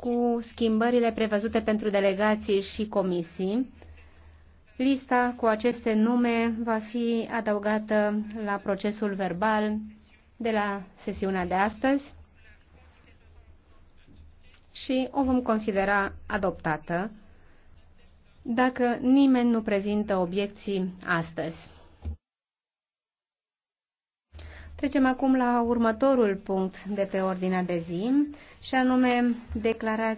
cu schimbările prevăzute pentru delegații și comisii. Lista cu aceste nume va fi adăugată la procesul verbal de la sesiunea de astăzi și o vom considera adoptată dacă nimeni nu prezintă obiecții astăzi. Trecem acum la următorul punct de pe ordinea de zi, și anume declarația